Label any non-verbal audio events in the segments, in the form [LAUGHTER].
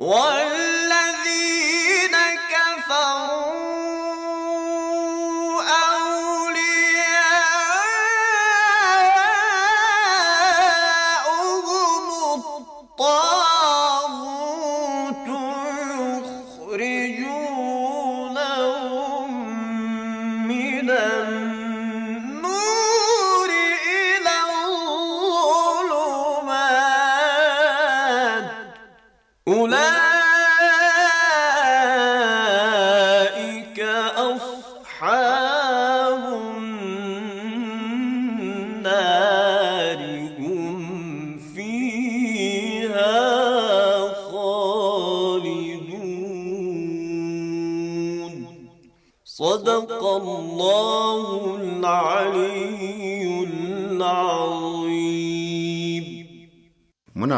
What?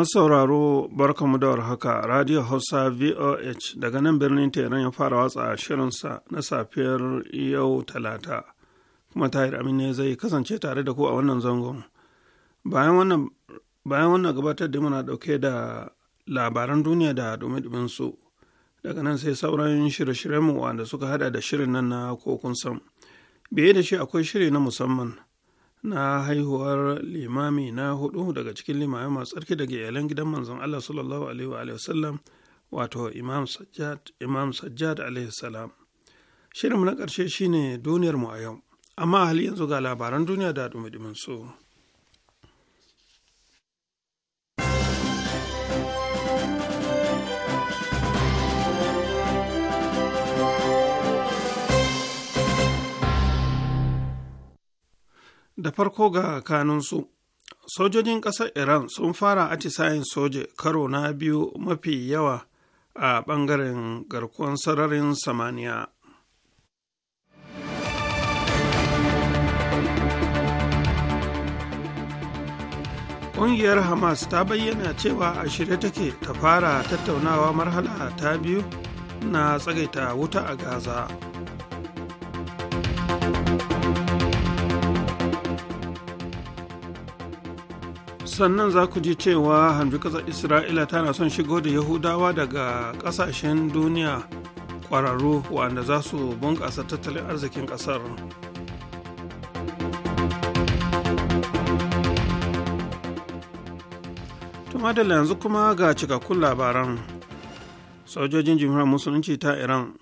Masu sauraro barkamu da haka Radio Hausa VOH daga nan birnin Teran ya fara watsa shirinsa na safiyar yau Talata, kuma Tahir Aminu zai kasance tare da ku a wannan zangon. Bayan wannan gabatar da muna dauke da labaran duniya da dumi su daga nan sai sauran shirye-shiryenmu wanda suka hada da shirin nan na kokun sam. Biye da shi akwai shiri na musamman. na haihuwar limami na hudu daga cikin limami masu tsarki daga iyalan gidan manzon Allah sallallahu alaihi wa sallam wato Imam Sajjad Imam Sajjad alaihi salam shirin na ƙarshe shine duniyar mu a yau amma hali yanzu ga labaran duniya da dumi su. da farko ga kanunsu sojojin ƙasar iran sun fara atisayen soje karo na biyu mafi yawa a ɓangaren garkuwan sararin samaniya ƙungiyar hamas ta bayyana cewa a shirye take ta fara tattaunawa marhala ta biyu na tsagaita wuta a gaza sannan za ku ji cewa hanzu ƙasar isra'ila tana son shigo da yahudawa daga ƙasashen duniya kwararru wanda za su bunkasa tattalin arzikin ƙasar madalla yanzu kuma ga cikakkun labaran sojojin jimhuriyar musulunci ta iran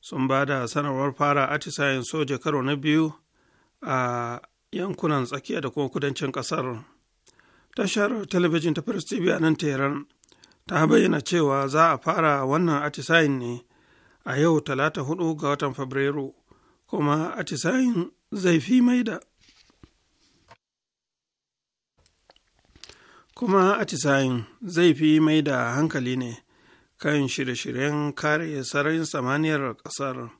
sun ba da sanarwar fara atisayen soja karo na biyu a yankunan tsakiya da kuma kudancin kasar tashar talabijin ta Paris TV a nan Tehran ta bayyana cewa za a fara wannan atisayin ne a yau talata hudu ga watan Fabrairu kuma atisayin zai fi mai da kuma atisayin zai fi mai da hankali ne kan shirye-shiryen kare sararin samaniyar ƙasar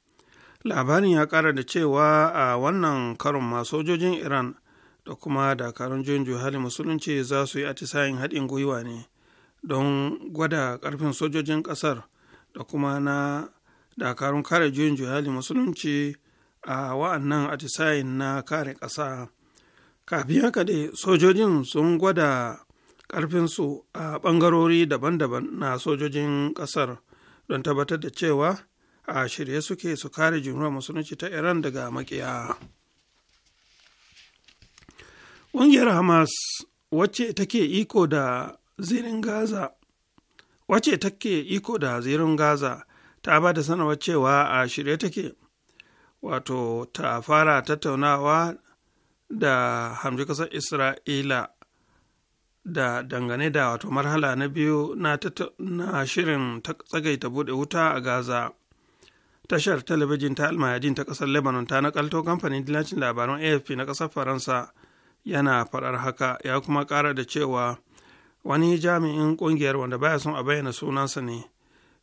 labarin ya ƙara da cewa a wannan karon ma sojojin iran da kuma dakarun junju hali musulunci za su yi atisayin haɗin gwiwa ne don gwada ƙarfin sojojin ƙasar da kuma na dakarun kare junju hali musulunci a wa'annan atisayin na kare ƙasa kafin haka dai sojojin sun gwada ƙarfinsu a ɓangarori daban-daban na sojojin ƙasar don tabbatar da cewa a shirye suke su kare jumhuriyar musulunci ta iran daga makiya ƙungiyar hamas wacce take iko da zirin gaza wacce take iko da zirin gaza ta ba da sanarwar cewa a shirye take wato ta fara tattaunawa da hamji ƙasar isra'ila da dangane da wato marhala na biyu na shirin ta tsagaita bude wuta a gaza tashar talabijin ta almayadin ta ƙasar lebanon ta nakalto kamfanin dillacin labaran afp na ƙasar faransa yana faɗar haka ya kuma ƙara da cewa wani jami'in ƙungiyar wanda baya son a bayyana sunansa ne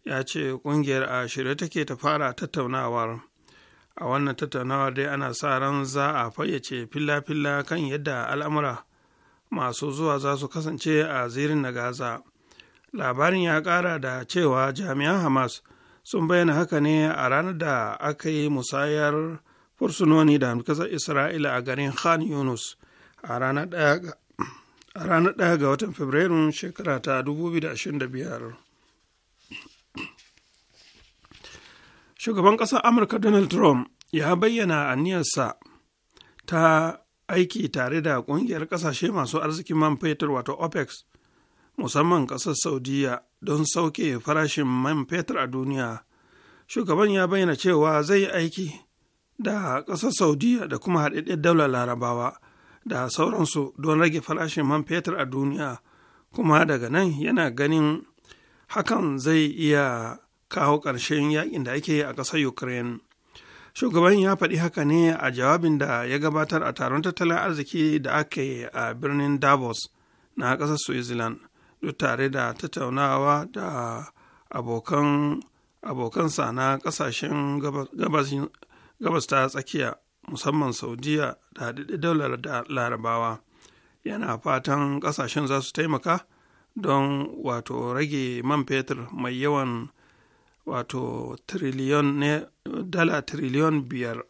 ya ce ƙungiyar a shirye take ta fara tattaunawar a wannan tattaunawar dai ana sa ran za a fayyace filla-filla kan yadda al'amura masu zuwa za su kasance a zirin na gaza labarin ya ƙara da cewa jami'an hamas sun bayyana haka ne a ranar da aka yi musayar fursunoni da hamkasar isra'ila a garin khan yunus a ranar ɗaya ga watan fabrairun shekara ta 2025 shugaban ƙasar amurka donald trump ya bayyana a aniyarsa ta aiki tare da ƙungiyar ƙasashe masu arzikin man fetur wato opex musamman ƙasar saudiya don sauke farashin man fetur a duniya shugaban ya bayyana cewa zai aiki da ƙasar saudiya da kuma haɗaɗɗen daular larabawa da sauransu don rage farashin man fetur a duniya kuma daga nan yana ganin hakan zai iya kawo ƙarshen yakin da ake yi a ƙasar ukraine shugaban ya faɗi haka ne a jawabin da ya gabatar a taron tattalin arziki da aka yi a birnin davos na ƙasar switzerland duk tare da tattaunawa da abokan abokansa na ƙasashen gabas ta tsakiya musamman saudiya da haɗaɗɗe daular da larabawa yana fatan ƙasashen za su taimaka don wato rage man fetur mai yawan wato triliyon ne dala triliyon biyar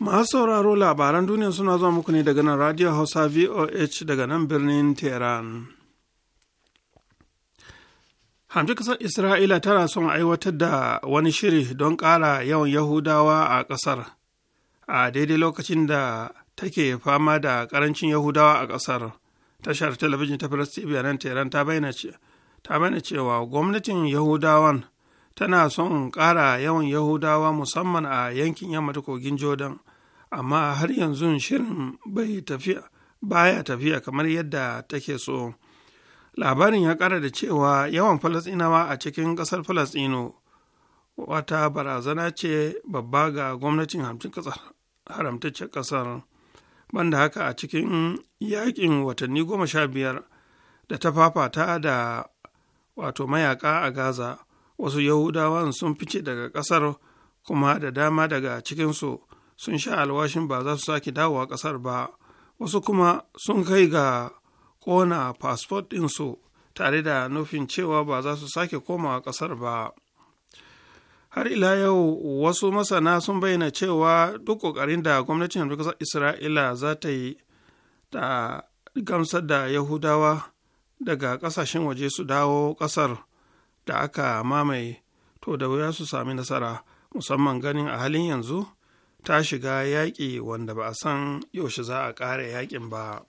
masu sauraro labaran duniya suna zuwa muku ne daga nan radio hausa voh daga nan birnin tehran hamji ƙasar isra'ila tana son aiwatar da wani shiri don ƙara yawan yahudawa a ƙasar a daidai lokacin da take fama da ƙarancin yahudawa a ƙasar tashar talabijin ta firas tv nan tehran ta bayyana cewa gwamnatin yahudawan tana son ƙara yawan yahudawa musamman a yankin yamma ta kogin jordan amma har yanzu shirin baya tafiya kamar yadda take so labarin ya kara da cewa yawan falasɗinawa a cikin kasar falasino wata barazana ce babba ga gwamnatin haramtaccen kasar banda haka a cikin yaƙin watanni goma sha biyar da ta fafata da wato mayaƙa a gaza wasu yahudawan sun fice daga kasar kuma da dama daga cikinsu sun sha alwashin ba za su sake dawowa kasar ba wasu kuma sun kai ga kona fasfot ɗinsu tare da nufin cewa ba za su sake komawa ƙasar ba har ila yau wasu masana sun bayyana cewa duk ƙoƙarin da gwamnatin ƙasar isra'ila za ta yi da gamsar da yahudawa daga ƙasashen waje su dawo ƙasar da aka mamaye to da wuya su sami nasara musamman ganin a halin yanzu ta shiga yaƙi wanda ba a san yaushe za a ƙara yaƙin ba.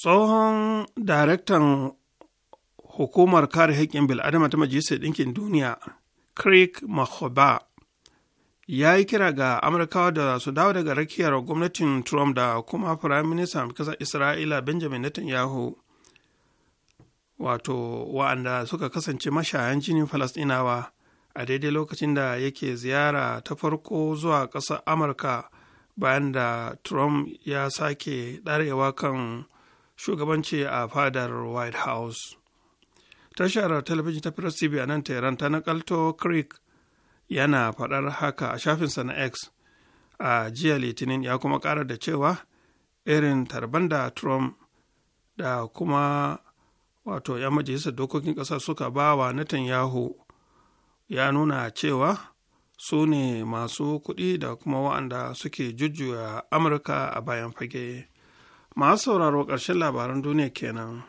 tsohon daraktan hukumar kare haƙƙin bil'adama ta majalisar ɗinkin duniya craig mahoba ya yi kira ga amurkawa da su dawo daga rakiyar gwamnatin trump da kuma firayim ministan kasar isra'ila benjamin netanyahu wato wa'anda suka kasance mashayan jinin falasɗinawa a daidai lokacin da yake ziyara ta farko zuwa ƙasar amurka bayan da trump ya sake ɗarewa kan shugabanci a fadar white house tashar talabijin ta press tv a nan tehran ta nakalto creek yana faɗar haka a shafinsa na x a jiya litinin ya kuma ƙara da cewa irin tarban da trump da kuma wato 'yan majalisar dokokin ƙasa suka ba wa netanyahu ya nuna cewa su ne masu kuɗi da kuma wa'anda suke jujjuya amurka a bayan fage masu sauraro ƙarshen labaran duniya kenan.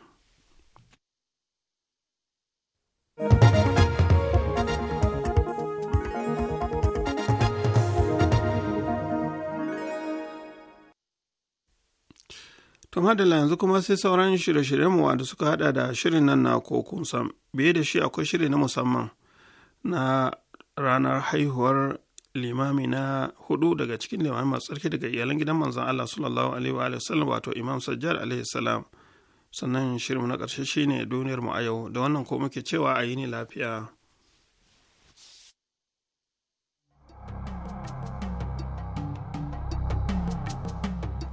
Tun hadala yanzu kuma sai sauran shirye-shiryenmu da suka haɗa da shirin nan na kokun sam, biye da shi akwai shiri na musamman na ranar haihuwar limami na hudu daga cikin limami masu tsarki daga iyalan gidan manzan Allah sallallahu alaihi wa sallam wato Imam Sajjar alaihi salam sannan shirin na ƙarshe shine duniyar mu a yau da wannan ko muke cewa a yi ni lafiya.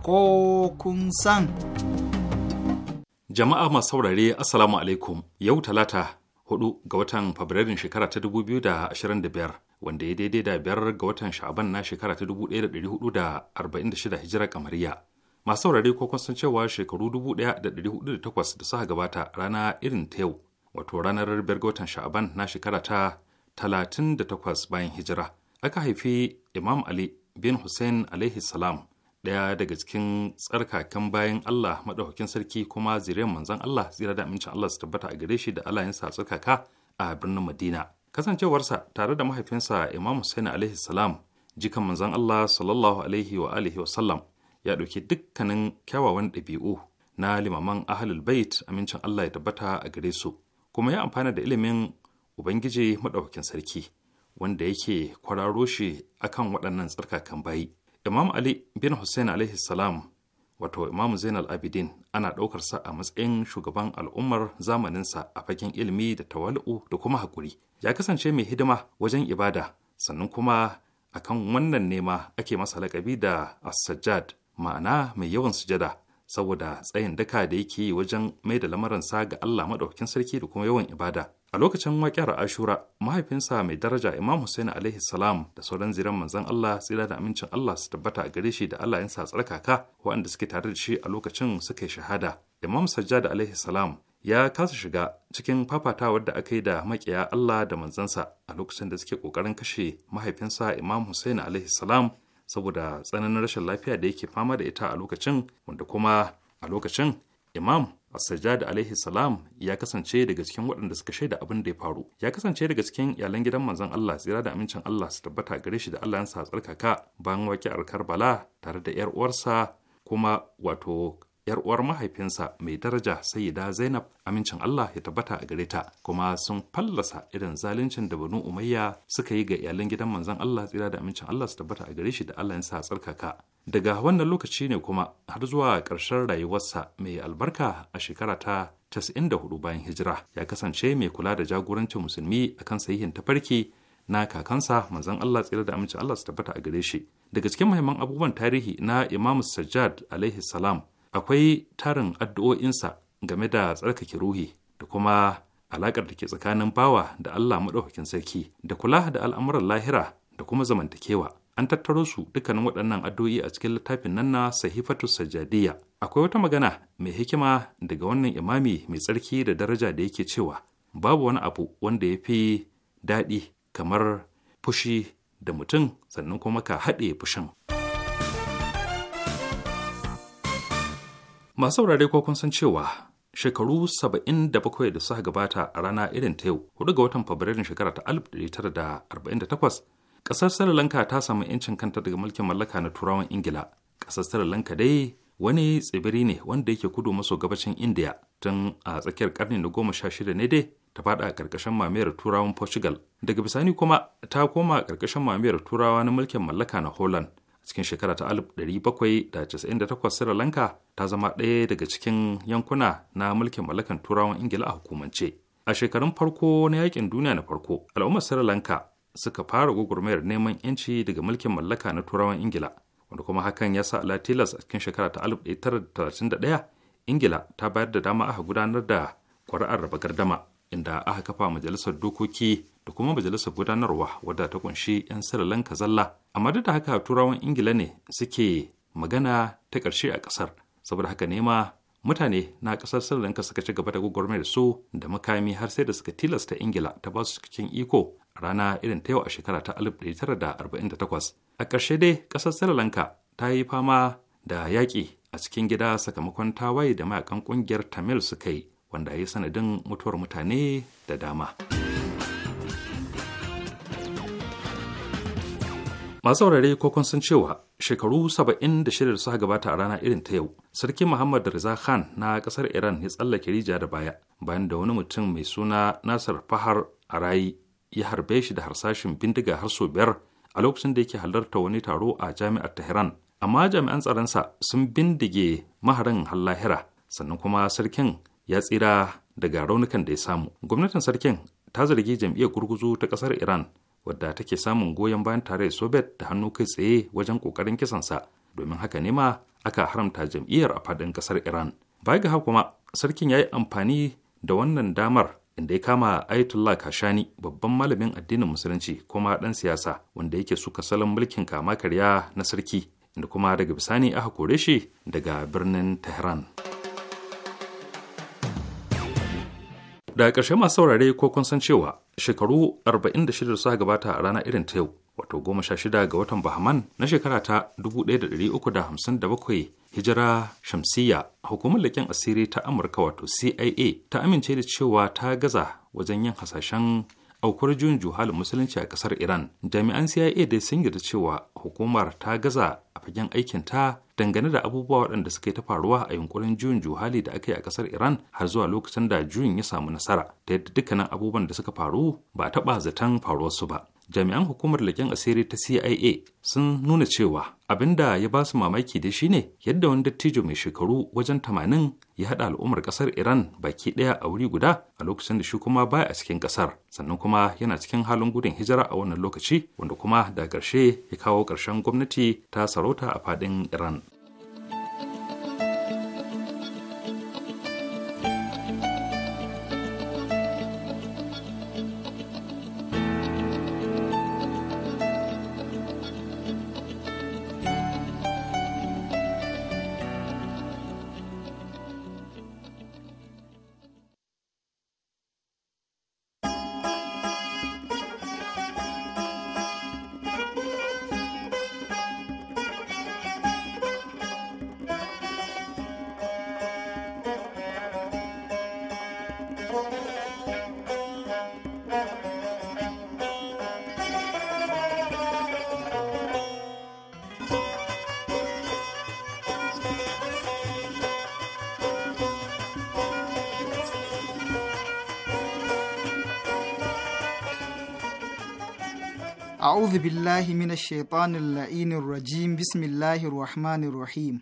Ko kun san. Jama'a masu saurare Assalamu alaikum yau talata hudu ga watan Fabrairun shekara ta 2025. wanda ya daidai da biyar ga watan sha'aban na shekara ta 1446 hijira kamariya masu saurari ko kun san cewa shekaru 1408 da suka gabata rana irin ta yau wato ranar biyar ga watan sha'aban na shekara ta 38 bayan hijira aka haifi imam ali bin hussein alaihi salam ɗaya daga cikin tsarkakan bayan Allah maɗaukakin sarki kuma zuriyar manzon Allah tsira da amincin Allah su tabbata a gare shi da alayensa tsarkaka a birnin Madina. kasancewarsa tare da mahaifinsa imam Hussein alaihi salam jikan manzon Allah sallallahu alaihi wa alihi sallam ya ɗauki dukkanin kyawawan ɗabi'u na limaman ahlul bait amincin Allah ya tabbata a gare su kuma ya amfana da ilimin ubangiji madaukakin sarki wanda yake kwararo shi akan waɗannan tsarkakan bayi imam ali bin hussein alaihi salam wato imam zainal abidin ana ɗaukarsa a matsayin shugaban al'ummar zamaninsa a fagen ilimi da tawali'u da kuma haƙuri ya kasance mai hidima wajen ibada sannan kuma a kan wannan nema ake masa lakabi da as-sajjad ma'ana mai yawan sujada saboda tsayin daka da yake yi wajen mai da lamaransa ga Allah maɗaukakin sarki da kuma yawan ibada. A lokacin waƙiyar Ashura, mahaifinsa mai daraja Imam Hussein alaihi salam da sauran ziran manzon Allah tsira da amincin Allah su tabbata a gare shi da Allah yansa tsarkaka waɗanda suke tare da shi a lokacin suka yi shahada. Imam Sajjad alaihi salam ya kasa shiga cikin fafatawar da aka yi da makiya Allah da manzansa a lokacin da suke ƙoƙarin kashe mahaifinsa Imam Hussein alaihi salam saboda tsananin rashin lafiya da yake fama da ita a lokacin wanda kuma a lokacin Imam As-Sajjad alaihi salam ya kasance daga cikin waɗanda suka shaida abin da ya faru. Ya kasance daga cikin iyalan gidan manzon Allah tsira da amincin Allah su tabbata gare shi da Allah ya sa tsarkaka bayan waƙi'ar Karbala tare da 'yar uwarsa kuma wato yar uwar mahaifinsa mai daraja sayyida zainab amincin allah ya tabbata a gare ta kuma sun fallasa irin zaluncin da banu umayya suka yi ga iyalan gidan manzon allah tsira da amincin allah su tabbata a gare shi da allah ya sa tsarkaka daga wannan lokaci ne kuma har zuwa ƙarshen rayuwarsa mai albarka a shekara ta 94 bayan hijira ya kasance mai kula da jagorancin musulmi akan sahihin tafarki na kakansa manzon Allah tsira da amincin Allah su tabbata a gare shi daga cikin muhimman abubuwan tarihi na Imam Sajjad alaihi salam akwai tarin addu'o'insa game da tsarkake ruhi da kuma alaƙar da ke tsakanin bawa da Allah maɗaukakin sarki da kula da al'amuran lahira da kuma zamantakewa. An tattaro su dukkanin waɗannan addu'o'i a cikin littafin nan na Sahifatu Sajadiyya. Akwai wata magana mai hikima daga wannan imami mai tsarki da daraja da yake cewa babu wani abu wanda ya fi daɗi kamar fushi da mutum sannan kuma ka haɗe fushin. Masu saurare ko kun san cewa shekaru 77 da suka gabata a rana irin ta yau, hudu ga watan Fabrairun shekara ta 1948, ƙasar Sri Lanka ta samu 'yancin kanta daga mulkin mallaka na Turawan Ingila. Ƙasar Sri Lanka dai wani tsibiri ne wanda yake kudu maso gabashin India tun a tsakiyar karni na goma sha shida ne dai ta fada a ƙarƙashin mamayar Turawan Portugal. Daga bisani kuma ta koma a ƙarƙashin mamayar Turawa na mulkin mallaka na Holland. cikin shekara ta 1798 sri lanka ta zama ɗaya daga cikin yankuna na mulkin mallakan turawan ingila a hukumance a shekarun farko na yakin duniya na farko al'ummar sri lanka suka fara gwagwarmayar neman yanci daga mulkin mallaka na turawan ingila wanda kuma hakan ya sa latilas a cikin shekara ta 1931 ingila ta bayar da dama aka gudanar da ƙuri'ar raba gardama inda aka kafa majalisar dokoki da kuma majalisar gudanarwa wadda ta kunshi 'yan Sri kazalla zalla. Amma duk da haka turawan Ingila ne suke magana ta ƙarshe a ƙasar. Saboda haka nema mutane na ƙasar Sri ka suka ci gaba da da su da makami har sai da suka tilasta Ingila ta ba su cikin iko a rana irin ta yau a shekara ta 1948. A ƙarshe dai ƙasar Sri ka ta yi fama da yaƙi a cikin gida sakamakon tawaye da mayakan ƙungiyar Tamil suka yi. wanda ya yi sanadin mutuwar mutane da dama. masu saurare ko kun cewa shekaru 76 da suka gabata a rana irin ta yau sarki muhammad Reza khan na kasar iran ya tsallake rija da baya bayan da wani mutum mai suna nasir fahar a rayi ya harbe shi da harsashin bindiga har sau biyar a lokacin da yake halarta wani taro a jami'ar tehran amma jami'an tsaronsa sun bindige maharin hallahira sannan kuma sarkin ya tsira daga raunukan da ya samu gwamnatin sarkin ta zargi jam'iyyar gurguzu ta kasar iran wadda take samun goyon bayan tare da soviet da hannu kai tsaye wajen kokarin kisansa domin haka ne ma aka haramta jam'iyyar a fadin kasar iran baya ga haka kuma sarkin ya yi amfani da wannan damar inda ya kama Ayatollah Kashani babban malamin addinin musulunci kuma dan siyasa wanda yake suka salon mulkin kama karya na sarki inda kuma daga bisani aka kore shi daga birnin Tehran. Da ƙarshe masu saurare ko kun san cewa shekaru 46 suka gabata a rana irin ta yau, wato 16 ga watan Bahman na shekara ta 1357 hijira shamsiyya hukumar leƙen asiri ta Amurka wato CIA ta amince da cewa ta gaza wajen yin hasashen aukuwar juyin juhalin musulunci a kasar iran jami'an cia dai sun yarda cewa hukumar ta gaza a fagen aikin ta dangane da abubuwa waɗanda suka ta faruwa a yunkurin juyin juhali da aka yi a kasar iran har zuwa lokacin da juyin ya samu nasara da yadda dukkanin abubuwan da suka faru ba a taɓa zaton faruwarsu ba jami'an hukumar leƙen asiri ta cia sun nuna cewa abin da ya ba su mamaki da shi ne yadda wani dattijo mai shekaru wajen tamanin ya haɗa al'ummar ƙasar iran baki ɗaya a wuri guda a lokacin da shi kuma baya a cikin ƙasar sannan kuma yana cikin halin gudun hijira a wannan lokaci wanda kuma da ƙarshe ya kawo ƙarshen gwamnati ta sarauta a faɗin iran billah min shaitanin rajim bismillahir rahmanir rahim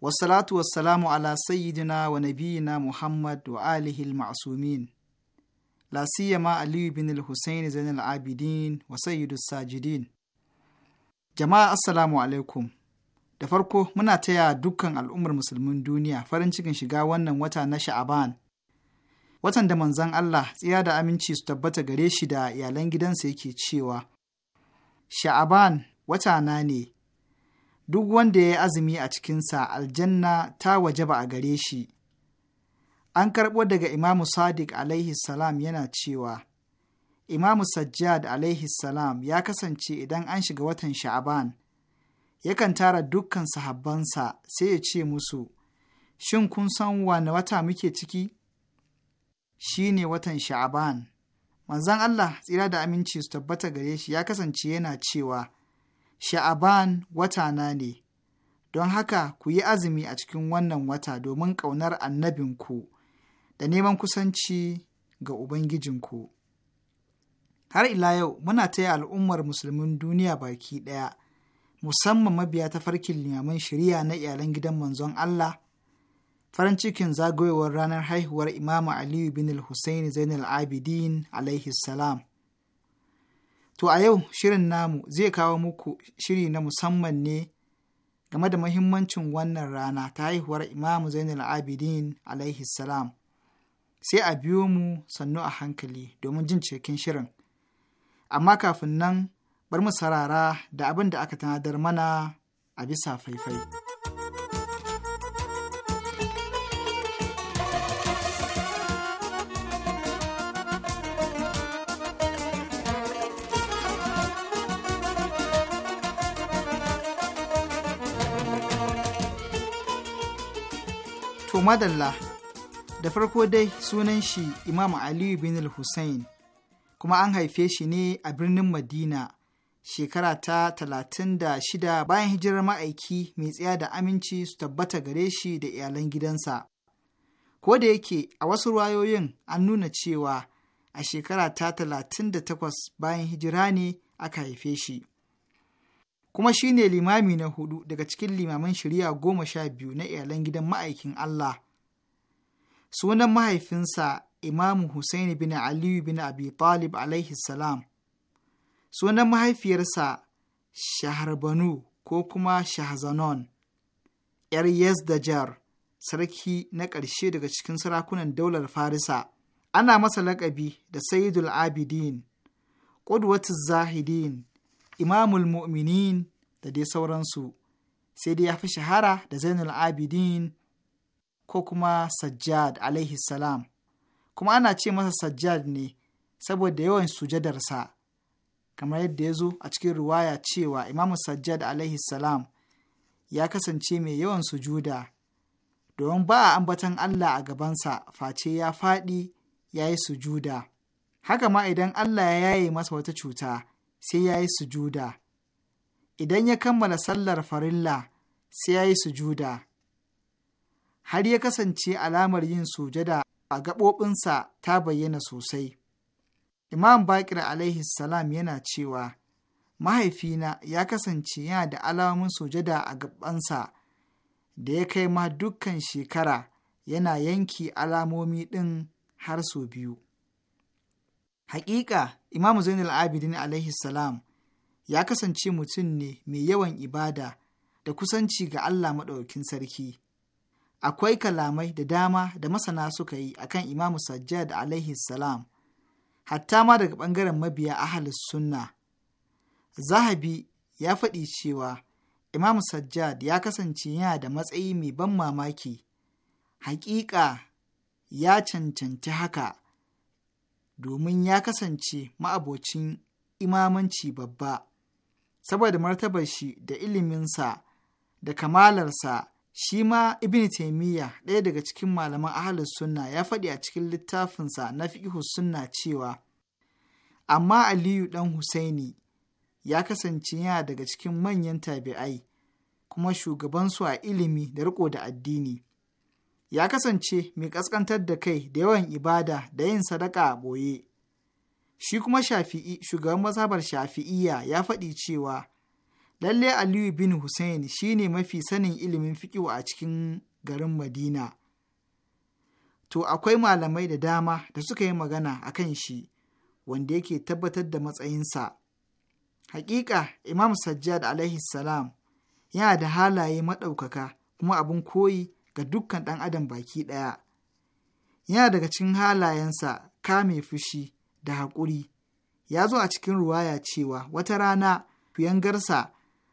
wassalatu wassalamu ala sayyidina wa nabiyina muhammad wa alihi al-ma'sumin la siyama ali ibn al-husayn zain al-abidin wa sayyid sajidin jama'a assalamu alaikum da farko muna taya dukkan al'ummar musulmin duniya farin cikin shiga wannan wata na sha'aban watan da manzan Allah tsiya da aminci su tabbata gare shi da iyalan gidansa yake cewa sha'aban wata na ne duk wanda ya yi azumi a cikinsa aljanna ta wajaba a gare shi an karɓo daga imamu sadiq alaihi salam yana cewa imamu sajjad alaihi salam ya kasance idan an shiga watan sha'aban yakan tara dukkan sahabbansa sai ya ce musu shin kun san wane wata muke ciki shi ne watan sha'aban manzan Allah tsira da aminci su tabbata gare shi ya kasance yana cewa sha'aban wata na ne don haka ku yi azumi a cikin wannan wata domin ƙaunar annabinku da neman kusanci ga ubangijinku har ila yau muna ta yi al'ummar musulmin duniya baki ɗaya musamman mabiya ta farkin limaman shari'a na iyalan gidan manzon Allah farin cikin zagayowar ranar haihuwar imamu aliyu bin al-hussein zainal abidin alaihi salam to a yau shirin namu zai kawo muku shiri na musamman ne game da mahimmancin wannan rana ta haihuwar imamu zainal abidin alaihi salam sai a biyo mu sannu a hankali domin jin cikin shirin amma kafin nan bar mu sarara da abin da aka tanadar mana a bisa faifai. To madalla, da farko dai sunan shi Imam Aliyu bin al-Hussein, kuma an haife shi ne a birnin Madina shekara ta talatin da shida bayan hijirar ma'aiki mai tsaya da aminci su tabbata gare shi da iyalan gidansa. Ko da yake a wasu rayoyin an nuna cewa a shekara ta talatin da takwas bayan hijira ne aka haife shi. kuma shi ne limami na hudu daga cikin limaman shari'a goma sha biyu na iyalan gidan ma'aikin Allah. Sunan mahaifinsa Imamu Hussaini bin Aliyu bin Abi Talib alaihi salam. Sunan mahaifiyarsa Shaharbanu ko kuma Shahzanon, ‘yar Yazdajar, sarki na ƙarshe daga cikin sarakunan daular Farisa. Ana masa laƙabi da Sayyidul Abidin, Ƙudwatu Zahidin, imamul mu'minin da dai sauransu sai dai ya fi shahara da zainul abidin ko kuma sajjad alaihi salam kuma ana ce masa sajjad ne saboda yawan sujadarsa kamar yadda ya zo a cikin ruwaya cewa imamu sajjad alaihi salam ya kasance mai yawan sujuda domin ba a ambatan Allah a gabansa face ya faɗi ya yi sujuda haka ma idan Allah ya yaye masa wata cuta sai ya yi sujuda, idan ya kammala sallar farilla sai ya yi sujuda, har ya kasance alamar yin sujada a gaɓoɓinsa ta bayyana sosai. Imam Bakir alaihi salam yana cewa, Mahaifina ya kasance yana da alamun sujada a gaɓansa da ya kai ma dukkan shekara yana yanki alamomi ɗin har sau biyu. Hakika Imam Zainul Abidin alaihi salam ya kasance mutum ne mai yawan ibada da kusanci ga Allah maɗaukin sarki. Akwai kalamai da dama da masana suka yi akan Imam Sajjad alaihi salam, hatta ma daga ɓangaren mabiya ahalus sunna. Zahabi ya faɗi cewa Imam Sajjad ya kasance yana da matsayi mai ban mamaki. Haƙiƙa ya cancanci haka domin ya kasance ma'abocin imamanci babba, saboda martabar shi da iliminsa da kamalarsa shi ma ibn taimiyya ɗaya daga cikin malaman ahalus sunna ya faɗi a cikin littafinsa na fiqhus sunna cewa amma aliyu ɗan husaini ya kasance yana daga cikin manyan tabi'ai kuma shugabansu a ilimi da riko da addini ya kasance mai ƙasƙantar da kai da yawan ibada da yin sadaka a ɓoye. Shi kuma shafi'i shugaban mazhabar shafi'iyya ya faɗi cewa lalle Aliyu bin Hussein ne mafi sanin ilimin fiƙiwa a cikin garin Madina. To akwai malamai da dama da suka yi magana a kan shi wanda yake tabbatar da matsayinsa. Hakika Imam Sajjad alaihi salam yana da halaye maɗaukaka kuma abin koyi ga dukkan ɗan adam baki ɗaya. Yana daga cikin halayensa kame fushi da haƙuri. Ya zo a cikin ruwaya cewa wata rana fiyangarsa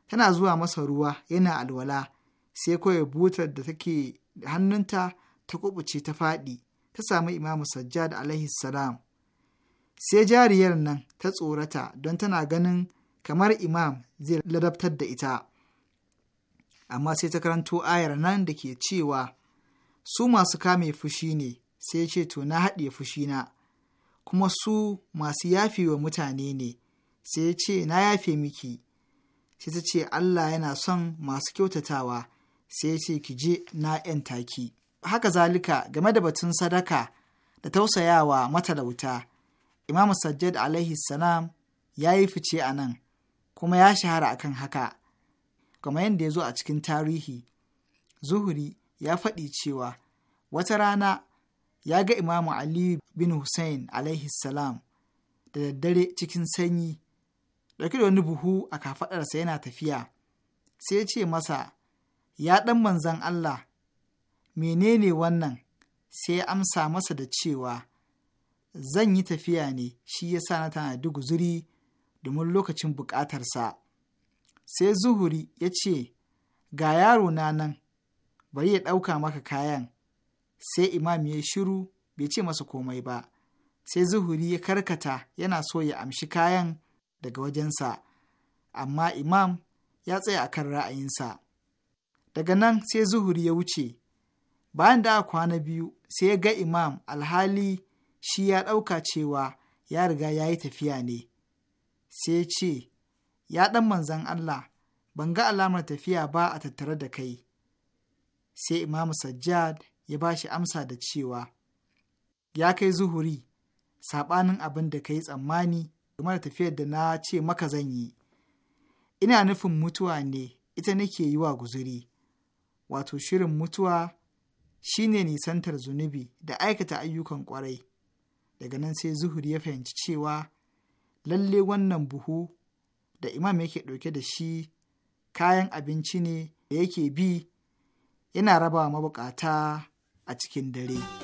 tana zuwa masa ruwa yana alwala sai kawai butar da take hannunta ta kubuce ta faɗi ta samu imamu sajjad alaihi salam sai jariyar nan ta tsorata don tana ganin kamar imam zai ladabtar da ita amma sai ta karanto ayar nan da ke cewa su masu kame fushi ne sai ce to na haɗe fushina kuma su masu yafe wa mutane ne sai ce na yafe miki sai ta ce Allah yana son masu kyautatawa sai ce ki je na ‘yan taki. Haka zalika game da batun sadaka da tausayawa matalauta, Imam Sajjad alaihi salam ya yi fice a nan kuma ya shahara akan haka kamar yadda ya zo a cikin tarihi zuhuri ya faɗi cewa wata rana ya ga imamu aliyu bin hussein alaihi salam da daddare cikin sanyi ɗauki da wani buhu a kafaɗarsa yana tafiya sai ya ce masa ya ɗan manzan allah menene wannan sai ya amsa masa da cewa zan yi tafiya ne shi ya sa na tanadi guzuri domin lokacin buƙatarsa sai zuhuri ya ce ga yaro na nan bari ya ɗauka maka kayan sai imam ya shiru bai ce masa komai ba sai zuhuri ya karkata yana so ya amshi kayan daga wajensa amma imam ya tsaya a kan ra'ayinsa daga nan sai zuhuri ya wuce bayan da kwana biyu sai ya ga imam alhali shi ya ɗauka cewa ya riga ya yi tafiya ne sai ce ya ɗan manzan Allah ban ga alamar tafiya ba a tattare da kai sai imamu sajjad ya ba shi amsa da cewa ya kai zuhuri saɓanin abin da ka yi tsammani game da tafiyar da na ce maka zan yi ina nufin mutuwa ne ita nake yi wa guzuri wato shirin mutuwa shi ne nisantar zunubi da aikata ayyukan ƙwarai. daga nan sai zuhuri ya fahimci cewa lalle wannan buhu da imam yake ɗauke da shi kayan abinci ne da yake bi yana raba mabukata a cikin dare.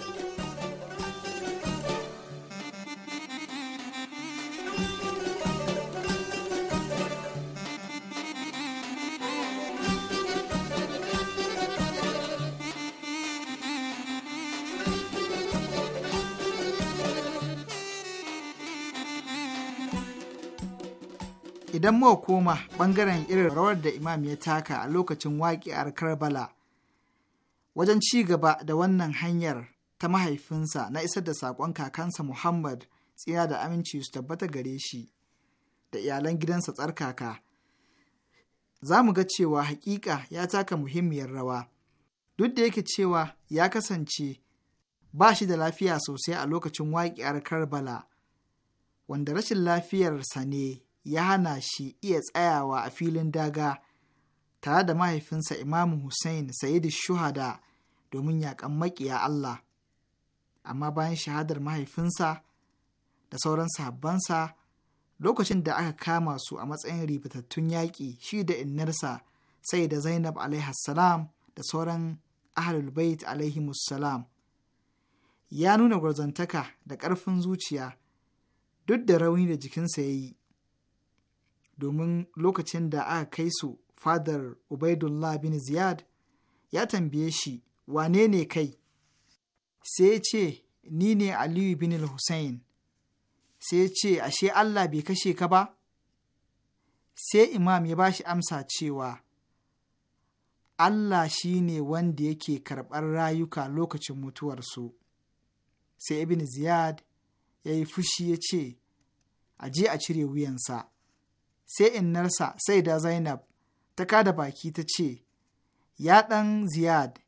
idan muka koma ɓangaren irin rawar da imam ya taka a lokacin waƙiyar karbala wajen ci gaba da wannan hanyar ta mahaifinsa na isar da saƙon kakansa muhammad tsira da aminci su tabbata gare shi da iyalan gidansa tsarkaka za mu ga cewa hakika ya taka muhimmiyar rawa duk da yake cewa ya kasance ba shi da lafiya sosai a lokacin waƙiyar karbala wanda rashin lafiyarsa ne ya hana shi iya tsayawa a filin daga tare da mahaifinsa Imamu Hussein Sayyid Shuhada domin yaƙan maƙiya Allah. Amma bayan shahadar mahaifinsa da sauran sahabbansa lokacin da aka kama su a matsayin ribatattun yaƙi shi da innarsa sai da Zainab salam da sauran Ahlul Bait salam ya nuna gwarzantaka da ƙarfin zuciya duk da rauni da jikinsa ya yi domin lokacin da aka kai su fadar Ubaidullah bin Ziyad ya tambaye shi wane ne kai sai ya ce ni ne Aliyu bin Hussein sai ya ce ashe Allah bai kashe ka ba sai imam ya ba shi amsa cewa Allah shi ne wanda yake karɓar rayuka lokacin mutuwarsu sai ibn Ziyad ya yi fushi ya ce a je a cire wuyansa sai innarsa sai da Zainab ta kada baki ta ce, Ya ɗan Ziyad,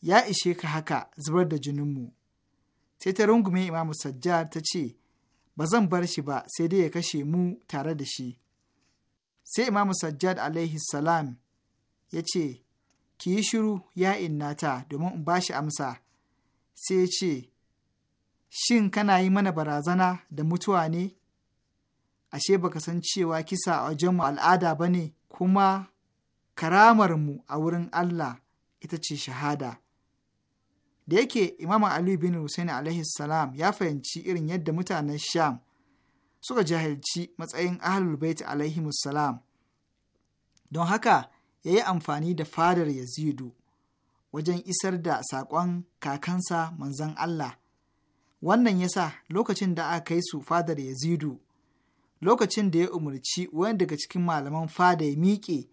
ya ishe ka haka zubar da jininmu. Sai ta rungume Imamu Sajjad ta ce, Ba zan bar shi ba sai dai ya kashe mu tare da shi. Sai Imamu Sajjad alaihi salam ya ce, Ki yi shiru ya innata domin in ba shi amsa. Sai ya ce, Shin kana yi mana barazana da mutuwa ne? ashe baka san cewa kisa a wajenmu al'ada ba ne kuma karamarmu a wurin Allah ita ce shahada. Da yake Imam Ali bin Hussein alaihi salam ya fahimci irin yadda mutanen Sham suka jahilci matsayin Ahlul Bait alaihi salam. Don haka ya yi amfani da fadar Yazidu wajen isar da saƙon kakansa manzan Allah. Wannan yasa lokacin da aka kai su fadar Yazidu lokacin da ya umarci wani daga cikin malaman fada ya miƙe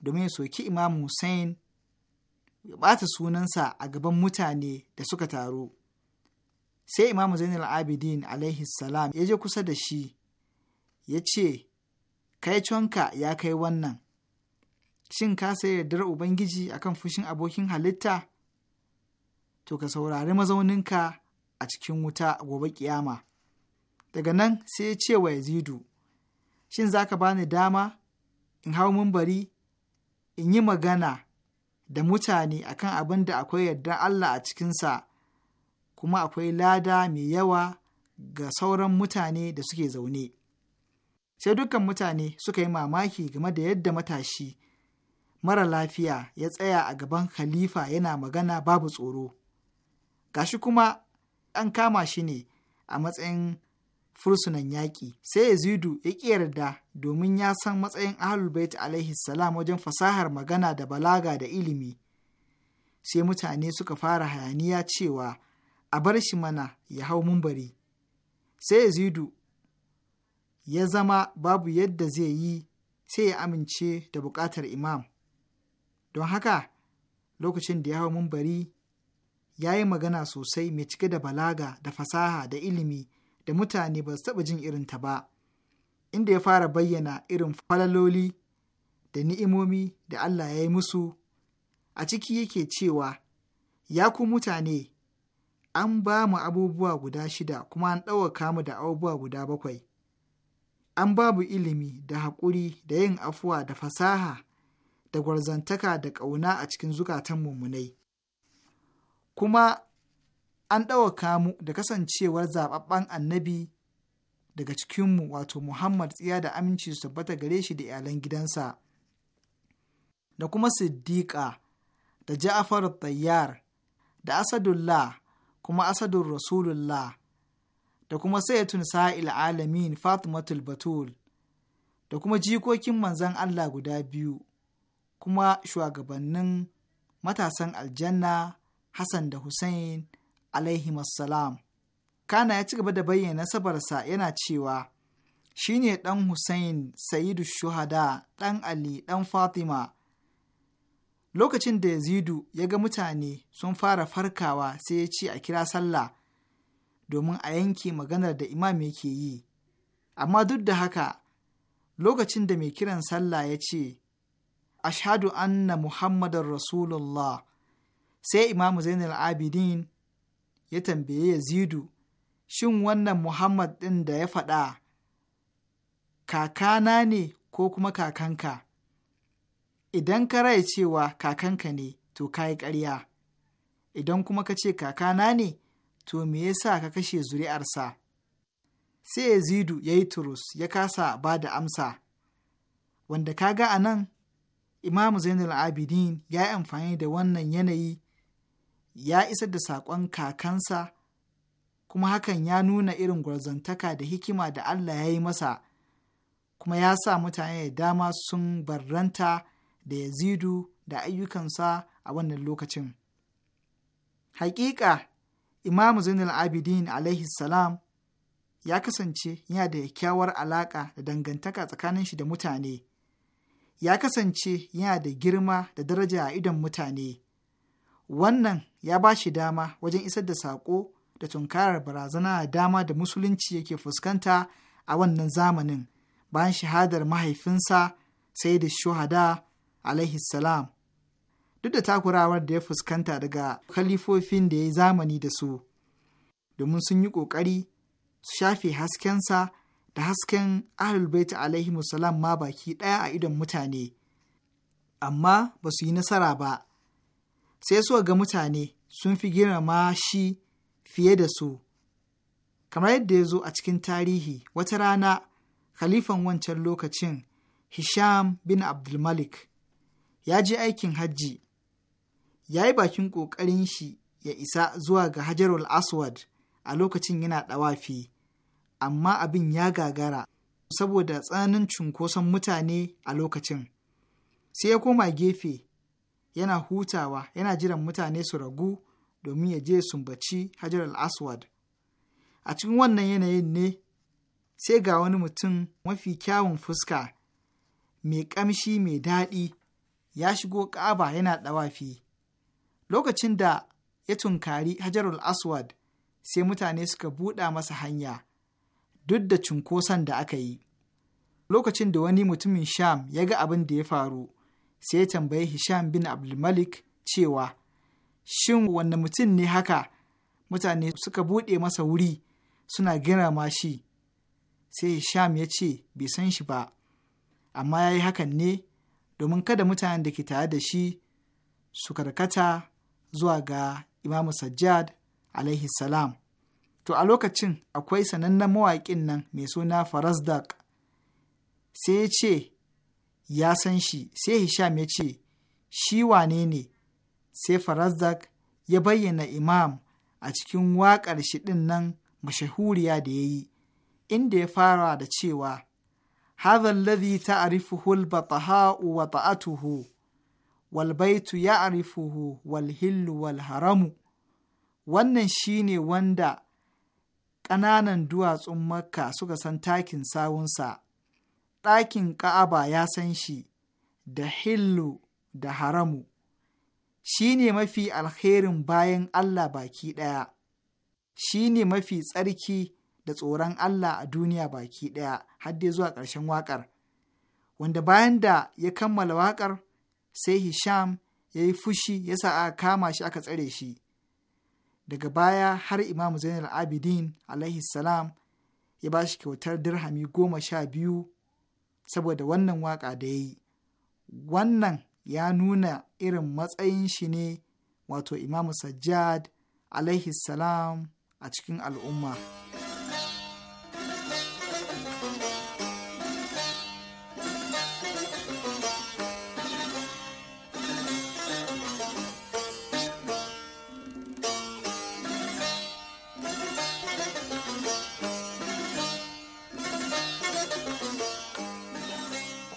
domin ya soki Imam Hussein ya ɓata sunansa a gaban mutane da suka taru. Sai Imam Zainal Abidin alaihi salam ya je kusa da shi ya ce, Kai conka ya kai wannan, shin ka sai yardar Ubangiji a kan fushin abokin halitta? To ka saurari mazauninka a cikin wuta gobe kiyama. daga nan sai ya ce wa yazidu shin za ka bani dama in hau mumbari in yi magana da mutane akan abin da akwai yarda Allah a cikinsa kuma akwai lada mai yawa ga sauran mutane da suke zaune sai dukkan mutane suka yi mamaki game da yadda matashi mara lafiya ya tsaya a gaban khalifa yana magana babu tsoro gashi kuma an kama shi ne a matsayin fursunan yaƙi sai yazidu ya ƙi yarda domin ya san matsayin ahlul bait alaihi salam wajen fasahar magana da balaga da ilimi sai mutane suka fara hayaniya cewa a bar shi mana ya hau mumbari sai yazidu ya zama babu yadda zai yi sai ya amince da buƙatar imam don haka lokacin da ya hau mumbari ya yi magana sosai mai cike da balaga da fasaha da ilimi da mutane ba su taɓa jin irinta ba, inda ya fara bayyana irin falaloli da ni'imomi da Allah ya yi musu, a ciki yake cewa, Ya ku mutane, an ba mu abubuwa guda shida kuma an ɗauka mu da abubuwa guda bakwai. An babu ilimi da haƙuri da yin afuwa da fasaha da gwarzantaka da ƙauna a cikin zukatan mummunai. Kuma an ɗauka mu da kasancewar zaɓaɓɓen annabi daga cikinmu wato Muhammad tsiya da aminci su tabbata gare shi da iyalan gidansa, da kuma Siddiƙa da Ja'afar Tayyar da Asadullah kuma Asadun Rasulullah da kuma Sayyatun Sa'il Alamin Fatimatul Batul da kuma jikokin manzan Allah guda biyu kuma shugabannin matasan aljanna Hassan da Hussein alaihimassalam. Kana ya ci gaba da bayyana nasabarsa yana cewa shi ne ɗan Hussein Sayidu Shuhada ɗan Ali ɗan Fatima. Lokacin da Yazidu ya ga mutane sun fara farkawa sai ya ce a kira sallah domin a yanke maganar da imam yake yi. Amma duk da haka lokacin da mai kiran sallah ya ce, Ashadu anna Muhammadar Rasulullah sai imamu Zainal Abidin ya tambaye Yazidu, Shin wannan Muhammad ɗin da ya faɗa, kakana ne ko kuma kakanka? Idan ka raya cewa kakanka ne, to ka yi ƙarya, idan kuma ka ce kakana ne, to me ya sa ka kashe zuri'arsa? Sai Yazidu ya yi turus ya kasa ba da amsa, wanda ka ga a nan, Imamu Zainul Abidin ya yi amfani da wannan yanayi ya isar da saƙon kakansa kuma hakan ya nuna irin gwarzantaka da hikima da Allah ya yi masa kuma ya sa mutane da dama sun barranta da yazidu da ayyukansa a wannan lokacin. Hakika Imam Zainul Abidin alaihi salam ya kasance yana da kyakkyawar alaƙa da dangantaka tsakanin shi da mutane. Ya kasance yana da girma da daraja a idon mutane. wannan ya ba shi dama wajen isar da saƙo da tunkarar barazana a dama da musulunci yake fuskanta a wannan zamanin bayan shahadar mahaifinsa sai da shuhada alaihi salam duk da takurawar da ya fuskanta daga kalifofin da ya yi zamani da su domin sun yi ƙoƙari su shafe haskensa da hasken ahlulbaita alaihi salam ma baki ɗaya a idon mutane amma ba su yi nasara ba sai suka ga mutane sun fi girma shi fiye da su kamar yadda ya zo a cikin tarihi wata rana khalifan wancan lokacin hisham bin abdulmalik ya je aikin hajji ya yi bakin ƙoƙarin shi ya isa zuwa ga hajarul aswad a lokacin yana ɗawafi amma abin ya gagara saboda tsananin cunkoson mutane a lokacin sai ya koma gefe yana hutawa yana jiran mutane su ragu domin ya je sumbaci hajar al-aswad a cikin wannan yanayin ne sai ga wani mutum mafi kyawun fuska mai ƙamshi mai daɗi ya shigo ƙaba yana ɗawafi lokacin da ya tunkari al aswad sai mutane suka buɗa masa hanya duk da cunkoson da aka yi lokacin da wani mutumin sham ya ga abin da ya faru sai ya tambayi Hisham bin Abdulmalik cewa, Shin wanne mutum ne haka mutane suka buɗe masa wuri suna girma shi, sai Hisham ya ce bai san shi ba, amma ya yi hakan ne domin kada mutanen da ke tare da shi su karkata zuwa ga Imam Sajjad alaihi salam. To a lokacin akwai sanannen mawaƙin nan mai suna Farazdak, sai ya ce ya san shi sai Hisham ya ce, Shi wane ne? Sai Farazak ya bayyana Imam a cikin waƙar shi ɗin nan mashahuriya da ya yi, inda ya fara da cewa, هذا الذي تعرفه البطهاء وطأته ya يعرفه wal haramu wannan shi ne wanda ƙananan duwatsun makka suka san takin sawunsa ɗakin Ka'aba ya san shi da hillu da haramu, shi ne mafi alherin bayan Allah baki ɗaya, shi ne mafi tsarki da tsoron Allah a duniya baki ɗaya har dai zuwa ƙarshen waƙar, wanda bayan da ya kammala waƙar sai Hisham ya yi fushi ya sa aka kama shi aka tsare shi. Daga baya har Imam Zainal Abidin alaihi salam ya ba shi kyautar dirhami goma sha biyu saboda wannan waƙa da ya yi wannan ya nuna irin matsayin shi ne wato imamu sajjad alaihi salam a cikin al'umma.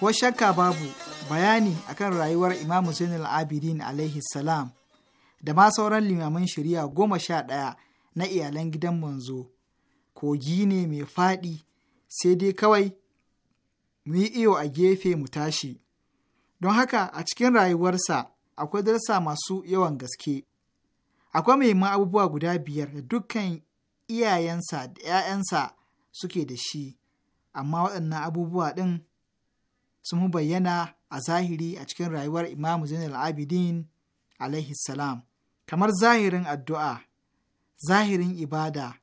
ko shakka babu bayani akan rayuwar imam Hussein abidin alaihi salam da ma sauran limamin shari'a goma sha ɗaya na iyalan gidan manzo kogi ne mai faɗi sai dai kawai mu yi iyo a gefe mu tashi don haka a cikin rayuwarsa akwai darsa masu yawan gaske akwai mai abubuwa guda biyar da dukkan iyayensa da ‘ya'yansa suke da shi amma waɗannan abubuwa ɗin sun bayyana a zahiri a cikin rayuwar Imam Zainal Abidin alaihi salam kamar zahirin addu'a, zahirin ibada,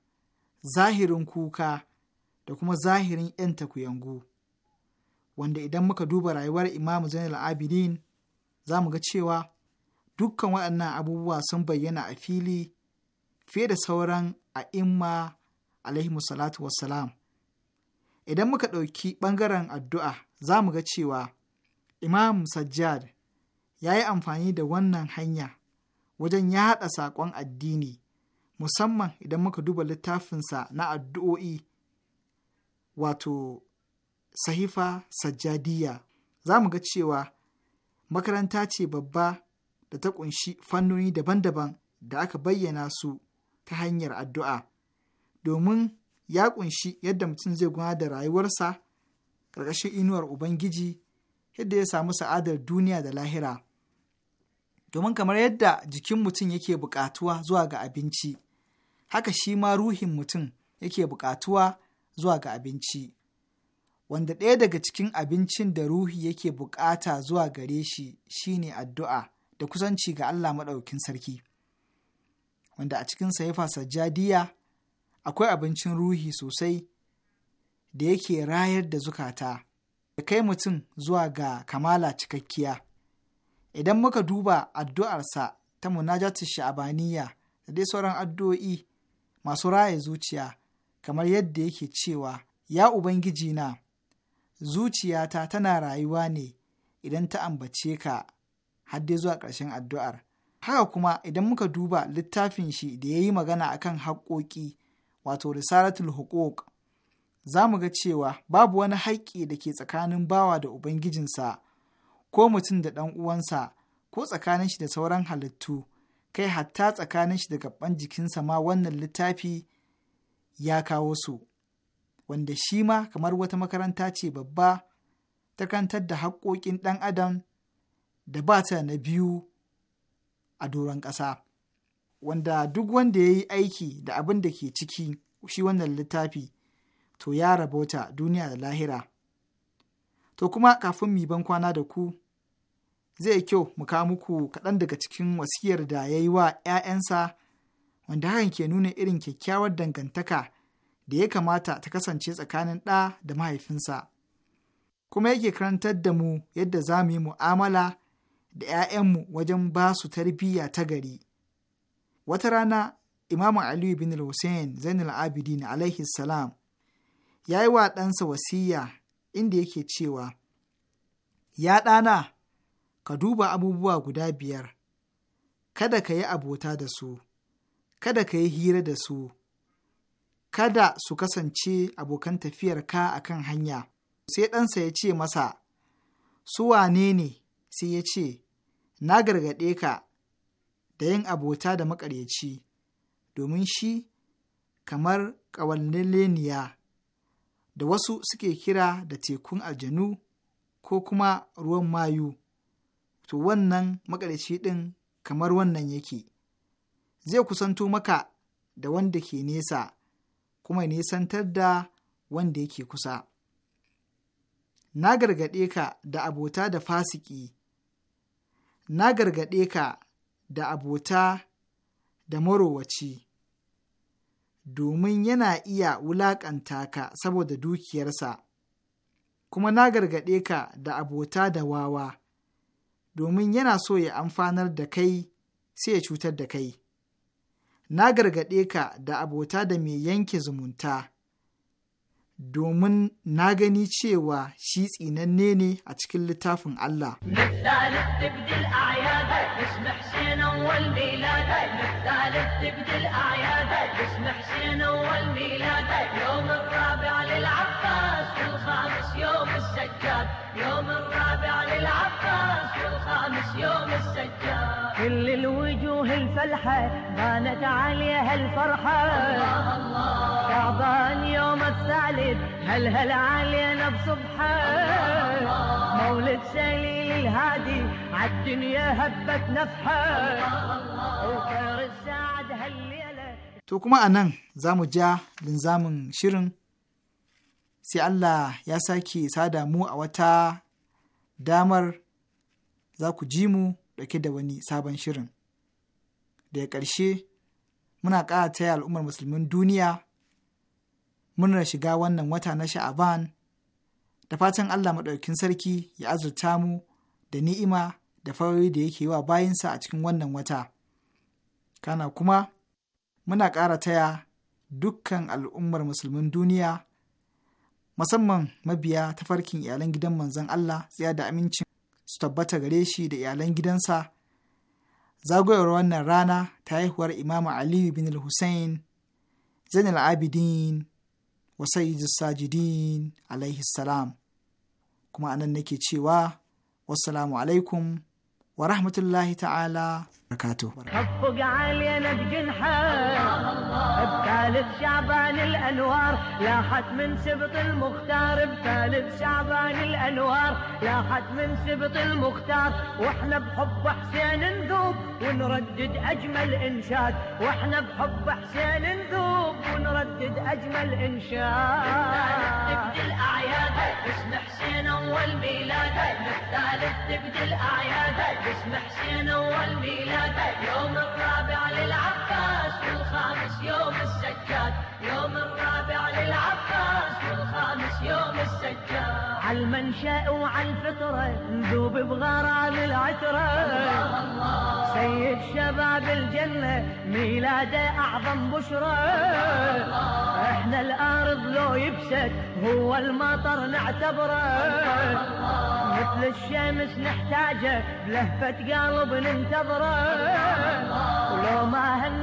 zahirin kuka da kuma zahirin ‘yanta yangu wanda idan muka duba rayuwar Imam Zainal Abidin za mu ga cewa dukkan waɗannan abubuwa sun bayyana a fili fiye da sauran a'imma alaihi salatu wassalam. Idan muka ɗauki ɓangaren addu'a za mu ga cewa Imam Sajjad ya yi amfani da wannan hanya wajen yaɗa saƙon addini, musamman idan muka duba littafinsa na addu'o'i, wato Sahifa Sajjadiyya, za mu ga cewa makaranta ce babba da ta ƙunshi fannoni daban-daban da aka bayyana su ta hanyar addu'a, domin ya ƙunshi yadda mutum zai gudanar da rayuwarsa ƙarƙashin inuwar Ubangiji yadda ya samu sa'adar duniya da lahira. Domin kamar yadda jikin mutum yake buƙatuwa zuwa ga abinci, haka shi ma ruhin mutum yake buƙatuwa zuwa ga abinci. Wanda ɗaya daga cikin abincin da ruhi yake buƙata zuwa gare shi shine addu'a da kusanci ga Allah Maɗaukin Sarki. Wanda a cikin Saifa Sajjadiya akwai abincin ruhi sosai da yake rayar da zukata da kai mutum zuwa ga kamala cikakkiya idan muka duba addu'arsa ta munajatu sha'abaniya da dai sauran addu'o'i masu raya zuciya kamar yadda yake cewa ya ubangiji na zuciyata tana rayuwa ne idan ta ambace ka Haddai zuwa ƙarshen addu'ar haka kuma idan muka duba littafin shi da ya yi magana akan haƙoƙi wato risalatul Hukuk, za mu ga cewa babu wani haƙƙi da ke tsakanin bawa da Ubangijinsa, ko mutum da ɗan uwansa, ko tsakanin shi da sauran halittu, kai hatta tsakanin shi da gaban jikinsa ma wannan littafi ya kawo su, wanda shi ma kamar wata makaranta ce babba ta kantar da haƙƙoƙin ɗan adam da ba ta na biyu a doron ƙasa, wanda duk wanda ya yi aiki da abin da ke ciki shi wannan littafi. to ya wata duniya da lahira. To kuma kafin mu ban kwana da ku, zai kyau mu kawo muku kaɗan daga cikin wasiyar da ya yi wa ‘ya'yansa wanda hakan ke nuna irin kyakkyawar dangantaka da ya kamata ta kasance tsakanin ɗa da mahaifinsa. Kuma yake karantar da mu yadda za mu yi mu'amala da ‘ya'yanmu wajen ba su tarbiyya ta gari. Wata rana, Imam Aliyu bin Hussein Zainul Abidin alaihi salam ya yi wa ɗansa wasiya inda yake cewa, Ya ɗana, ka duba abubuwa guda biyar, kada ka yi abota da su, kada ka yi hira da su, kada su kasance abokan tafiyarka a kan hanya. Sai ɗansa ya ce masa, Su wane ne? Sai ya ce, Na gargaɗe ka da yin abota da maƙaryaci, domin shi kamar ƙawallin leniya da wasu suke kira da tekun aljanu ko kuma ruwan mayu, to wannan makarci ɗin kamar wannan yake, zai kusanto maka da wanda ke nesa, kuma nisantar da wanda yake kusa. Na gargaɗe ka da abota da fasiki, na gargaɗe ka da abota da marowaci, domin yana iya wulaƙanta ka saboda dukiyarsa, kuma na gargaɗe ka da abota da wawa, domin yana so ya amfanar da kai sai ya cutar da kai. Na gargaɗe ka da abota da mai yanke zumunta, domin na gani cewa shi tsinanne ne a cikin littafin Allah. [LAUGHS] تبدل أعيادك اسم حسين أول ميلادك يوم الرابع للعباس والخامس يوم السجاد يوم الرابع للعباس والخامس يوم السجاد كل الوجوه الفلحة بانت عليها الفرحة الله الله شعبان يوم الثالث هل هل علينا بصبحة الله الله مولد سليل الهادي عالدنيا هبت نفحة الله الله وخير الساعة To kuma a nan za mu ja linzamin shirin sai Allah ya sake sada mu a wata damar za ku ji mu ɗauke da wani sabon shirin. Da Daga ƙarshe muna ƙara taya al'ummar musulmin duniya muna shiga wannan wata na sha'aban da fatan Allah maɗaukin sarki ya azurta mu da ni'ima da farori da yake wa bayansa a cikin wannan wata. Kana kuma muna ƙara taya dukkan al'ummar musulmin duniya musamman mabiya tafarkin iyalan gidan manzon Allah tsaya da amincin su tabbata gare shi da iyalan gidansa zagoyar wannan rana ta haihuwar imamu aliyu bin hussein zan al-abidin wa sajidin alaihi salam kuma anan nake cewa wassalamu alaikum ورحمة الله تعالى وبركاته حفق علينا بجنحة بثالث شعبان الأنوار لاحت من سبط المختار بثالث شعبان الأنوار لاحت من سبط المختار واحنا بحب حسين نذوب ونردد أجمل إنشاد واحنا بحب حسين نذوب ونردد أجمل إنشاد تبدي الأعياد والميلاد نحتاج تبدل أعياد اسم حسين والميلاد يوم الرابع انشأوا على الفطرة نذوب بغرام العترة سيد شباب الجنة ميلاده أعظم بشرى احنا الأرض لو يبست هو المطر نعتبره مثل الشمس نحتاجه بلهفة قلب ننتظره ولو ما هن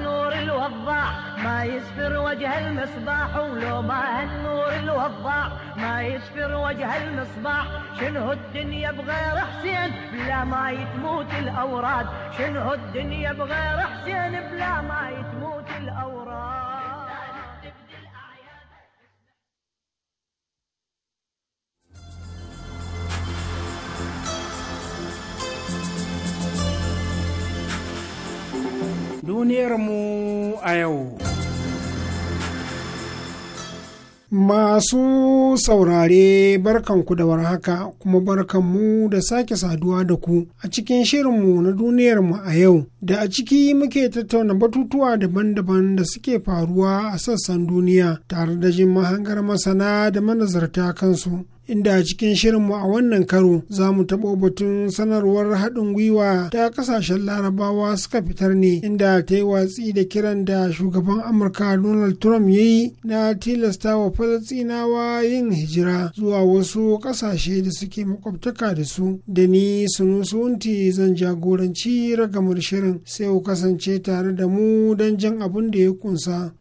الوضاع ما يسفر وجه المصباح ولو ما هالنور الوضع ما يسفر وجه المصباح شنو الدنيا بغير حسين بلا ما يتموت الاوراد شنو الدنيا بغير حسين بلا ما يتموت duniyarmu a yau. Masu saurare barkan ku da warhaka kuma barkanmu da sake saduwa da ku a cikin shirinmu na duniyarmu a yau da a ciki muke tattauna batutuwa daban-daban da suke faruwa a sassan duniya tare da jin mahangar masana da manazarta kansu inda cikin shirinmu a wannan karo za mu taɓo batun sanarwar haɗin gwiwa ta ƙasashen larabawa suka fitar ne inda ta yi watsi da kiran da shugaban amurka donald trump ya yi na tilasta wa falastinawa yin hijira zuwa wasu ƙasashe da suke makwabtaka da su da ni sunusunti zan jagoranci ragamar shirin sai ku kasance tare da mu don jan abin da ya kunsa.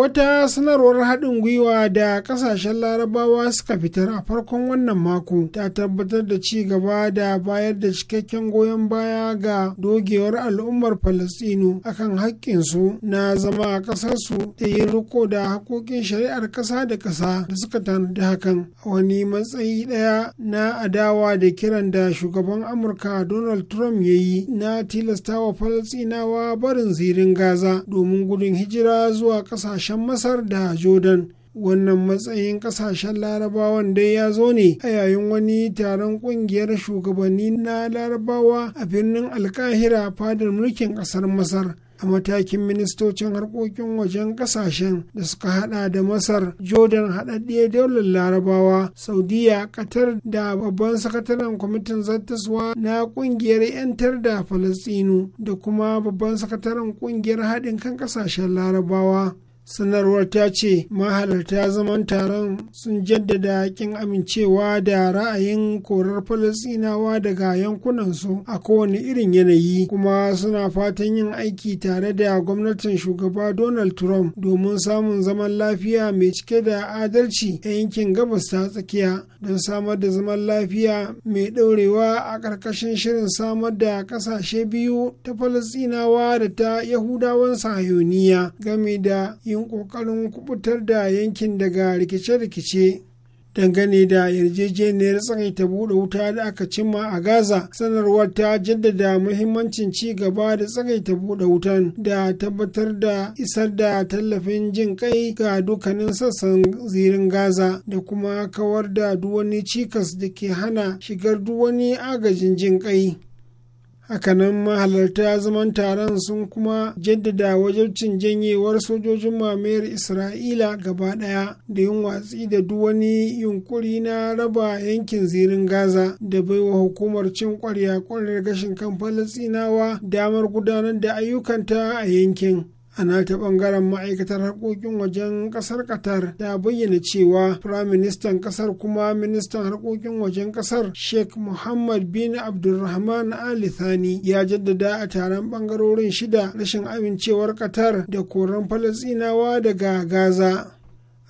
wata sanarwar haɗin gwiwa da ƙasashen larabawa suka fitar a farkon wannan mako ta tabbatar da ci gaba da bayar da cikakken goyon baya ga dogewar al'ummar palestino akan haƙƙinsu na zama a ƙasarsu da yin riko da haƙoƙin shari'ar ƙasa da ƙasa da suka tanadi hakan a wani matsayi ɗaya na adawa da kiran da shugaban amurka donald trump ya yi na tilastawa falastinawa barin zirin gaza domin gudun hijira zuwa ƙasashen ƙasashen masar da jordan wannan matsayin ƙasashen larabawan dai ya zo ne a yayin wani taron ƙungiyar shugabanni na larabawa a birnin alkahira fadar mulkin ƙasar masar a matakin ministocin harkokin wajen ƙasashen da suka hada da masar jordan haɗaɗɗiyar daular larabawa saudiya qatar da babban sakataren kwamitin zattaswa na ƙungiyar 'yantar da falasɗinu da kuma babban sakataren ƙungiyar haɗin kan ƙasashen larabawa sanarwar ta ce mahalarta zaman taron sun jaddada kin amincewa da ra'ayin korar falasinawa daga yankunansu a kowane irin yanayi kuma suna fatan yin aiki tare da gwamnatin shugaba donald trump domin samun zaman lafiya mai cike da adalci a yankin gabas ta tsakiya don samar da zaman lafiya mai ɗorewa a ƙarƙashin shirin samar da ƙasashe biyu ta falasinawa da ta yahudawan sahiyoniya game da yin yin ƙoƙarin kubutar da yankin daga rikice-rikice dangane da yarjejeniyar tsakaita buɗe wuta da aka cimma a gaza sanarwar ta jaddada muhimmancin ci gaba da tsakaita buɗe wutan da tabbatar da isar da tallafin jin kai ga dukkanin sassan zirin gaza da kuma kawar da duwani cikas da ke hana shigar duwani agajin jin kai hakanan mahalarta zaman taron sun kuma jaddada wajabcin janyewar sojojin mamayar isra'ila gaba ɗaya da yin watsi da duk wani yunkuri na raba yankin zirin gaza da baiwa hukumar cin kwarya kwarar gashin kan falastinawa damar gudanar da ayyukanta a yankin a ta bangaren ma'aikatar harkokin wajen kasar qatar ta bayyana cewa firaministan kasar kuma ministan harkokin wajen kasar sheikh muhammad bin abdulrahman ali thani ya jaddada a taron bangarorin shida rashin amincewar qatar da koran falasinawa daga gaza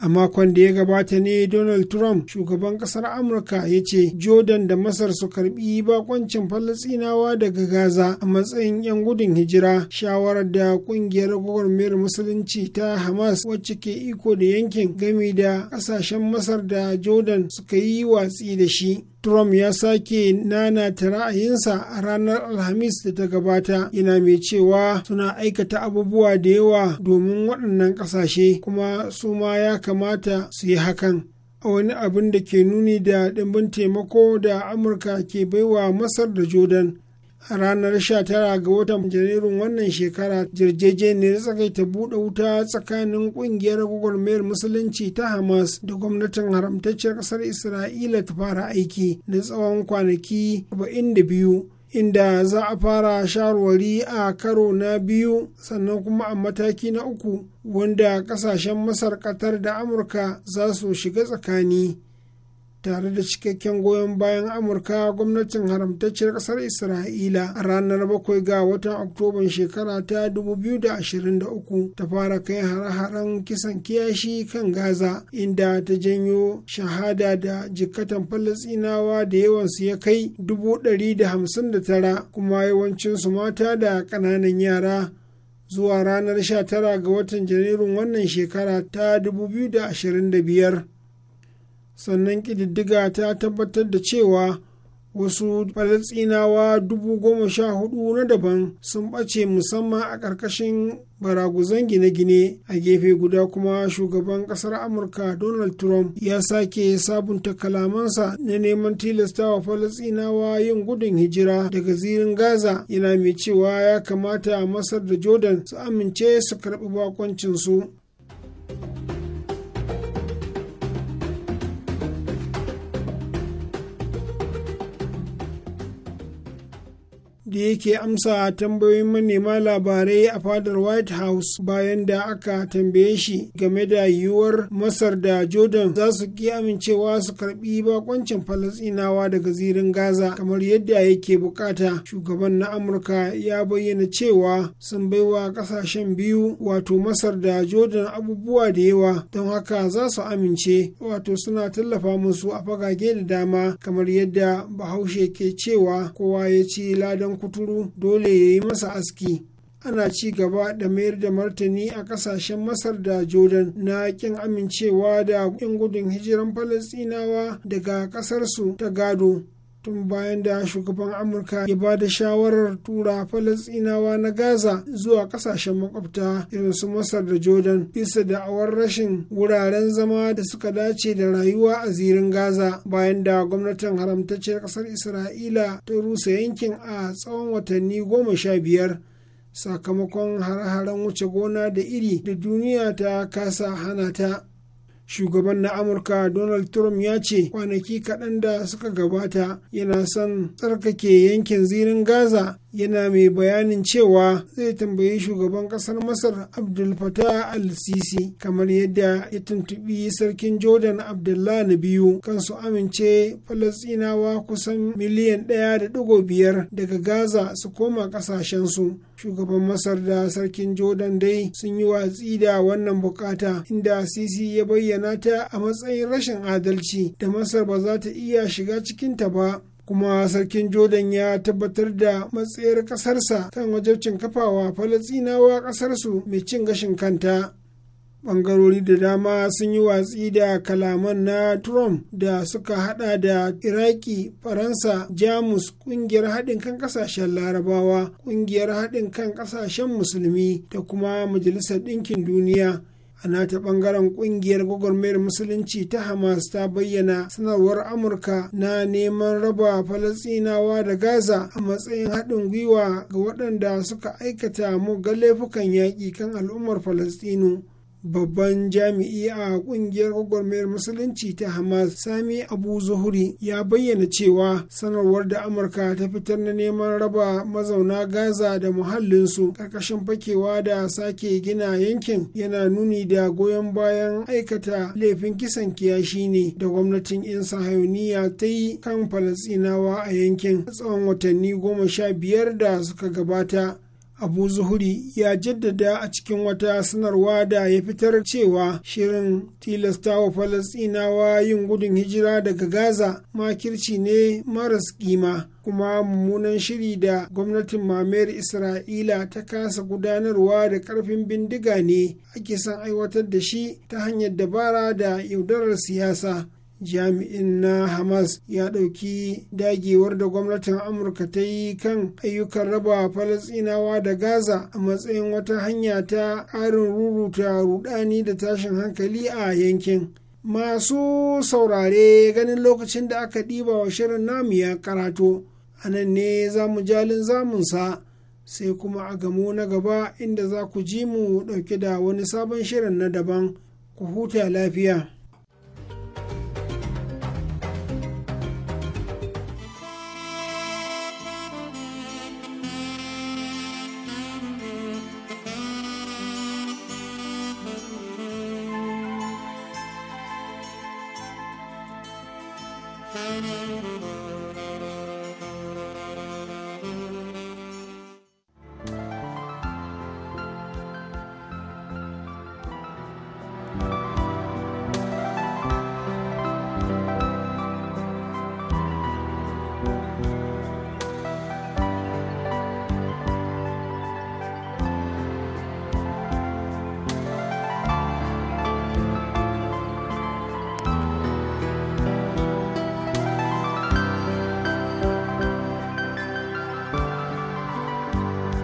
a makon da ya gabata ne donald trump shugaban kasar amurka ya ce jordan da masar su karbi bakoncin falasinawa daga gaza a matsayin 'yan gudun hijira shawarar da kungiyar gwagwarmayar musulunci ta hamas wacce ke iko da yankin gami da kasashen masar da jordan suka yi watsi da shi Trump ya sake ta ra'ayinsa a ranar Alhamis da ta gabata yana mai cewa suna aikata abubuwa da yawa domin waɗannan ƙasashe kuma su ma ya kamata su yi hakan. A wani abin da ke nuni da ɗimbin taimako da Amurka ke baiwa Masar da Jordan a ranar 19 ga watan janairun wannan shekara yarjejeniyar tsakaita buɗe wuta tsakanin ƙungiyar gwagwarmayar musulunci ta hamas da gwamnatin haramtacciyar ƙasar isra'ila ta fara aiki na tsawon kwanaki 42 inda za a fara sharwari a karo na biyu sannan kuma a mataki na uku wanda kasashen masar katar da amurka za su shiga tsakani tare da cikakken goyon bayan amurka gwamnatin haramtacciyar kasar isra'ila a ranar bakwai ga watan oktoban shekara ta 2023 ta fara kai hare-haren kisan kiyashi kan gaza inda ta janyo shahada da jikatan falasinawa da yawansu ya kai 159 kuma yawancinsu mata da ƙananan yara zuwa ranar 19 ga watan janairun wannan shekara ta 2025 sannan ƙididdiga ta tabbatar da cewa wasu falasinawa dubu goma sha hudu na daban sun ɓace musamman a ƙarƙashin baraguzan gine-gine a gefe guda kuma shugaban ƙasar amurka donald trump ya sake sabunta kalamansa na neman tilasta wa falasinawa yin gudun hijira daga zirin gaza yana mai cewa ya kamata masar da jordan su amince su karɓi bakoncinsu. da yake amsa tambayoyin manema labarai a fadar white house bayan da aka tambaye shi game da yiwuwar masar da jordan za su ki amincewa su karbi bakoncin falasinawa daga zirin gaza kamar yadda yake bukata shugaban na amurka ya bayyana cewa sun baiwa kasashen biyu wato masar da jordan abubuwa da yawa don haka za su amince wato suna tallafa musu a fagage da dama kamar yadda bahaushe ke cewa kowa ya ci ladan kuturu dole ya yi masa aski ana ci gaba da mayar da martani a kasashen masar da jordan na kin amincewa da 'yan gudun hijiran falasinawa daga kasarsu ta gado tun bayan da shugaban amurka ya ba da shawarar tura falasinawa na gaza zuwa kasashen makwabta irin su masar da jordan bisa da awar rashin wuraren zama da suka dace da rayuwa a zirin gaza bayan da gwamnatin haramtacciyar kasar isra'ila ta rusa yankin a tsawon watanni goma sha biyar sakamakon har haren wuce gona da iri da duniya ta kasa hana ta shugaban na amurka donald trump ya ce kwanaki kaɗan da suka gabata yana son tsarkake yankin zirin gaza yana mai bayanin cewa zai tambayi shugaban kasar masar abdul fatah al-sisi kamar yadda ya tuntubi sarkin jordan abdullah na biyu su amince falasinawa kusan miliyan ɗaya da ɗigo biyar daga gaza su koma ƙasashensu shugaban masar da sarkin jordan dai sun yi watsi da wannan bukata inda sisi ya bayyana ta a matsayin rashin adalci da masar ba za ta iya shiga cikinta ba kuma sarkin jordan ya tabbatar da matsayar kasarsa kan wajabcin kafawa falasinawa ƙasarsu mai cin gashin kanta bangarori da dama sun yi watsi da kalaman na trump da suka hada da iraki faransa jamus kungiyar haɗin kan ƙasashen larabawa kungiyar haɗin kan ƙasashen musulmi da kuma majalisar ɗinkin duniya a nata bangaren kungiyar gwagwarmayar musulunci ta hamas ta bayyana sanarwar amurka na neman raba falasinawa da gaza a matsayin haɗin gwiwa ga waɗanda suka aikata mu ga laifukan yaƙi kan al'ummar falastinu babban jami'i a kungiyar gwagwarmayar musulunci ta hamas sami abu zuhuri ya bayyana cewa sanarwar da amurka ta fitar na neman raba mazauna gaza da muhallinsu karkashin fakewa da sake gina yankin yana nuni da goyon bayan aikata laifin kisan kiyashi ne da gwamnatin yan sahayoniya ta yi kan falasinawa a yankin tsawon watanni goma sha biyar da suka gabata abu zuhuri ya jaddada a cikin wata sanarwa da ya fitar cewa shirin tilasta wa falasinawa yin gudun hijira daga gaza makirci ne maras kima kuma mummunan shiri da gwamnatin mamayar isra'ila ta kasa gudanarwa da karfin bindiga ne ake son aiwatar da shi ta hanyar dabara da yaudarar siyasa jami'in na hamas ya ɗauki dagewar da gwamnatin amurka ta yi kan ayyukan raba falasinawa da gaza a matsayin wata hanya ta ƙarin ruruta rudani da tashin hankali a yankin masu saurare ganin lokacin da aka ɗiba wa shirin namu ya karato a nan ne za mu jalin zamunsa sai kuma a gamo na gaba inda za ku ji mu ɗauke da wani sabon shirin na daban ku huta lafiya